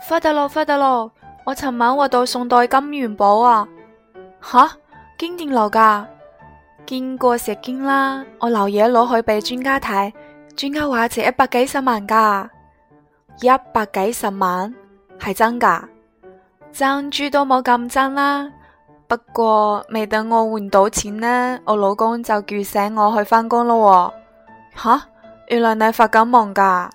發達咯，發達咯！我尋晚挖到宋代金元寶啊！吓，堅定流噶？堅過石堅啦，我漏夜攞去畀專家睇，專家話值一百幾十萬噶，一百幾十萬係真噶？珍珠都冇咁真啦。不過未等我換到錢呢，我老公就叫醒我去翻工咯。吓，原來你發緊夢噶？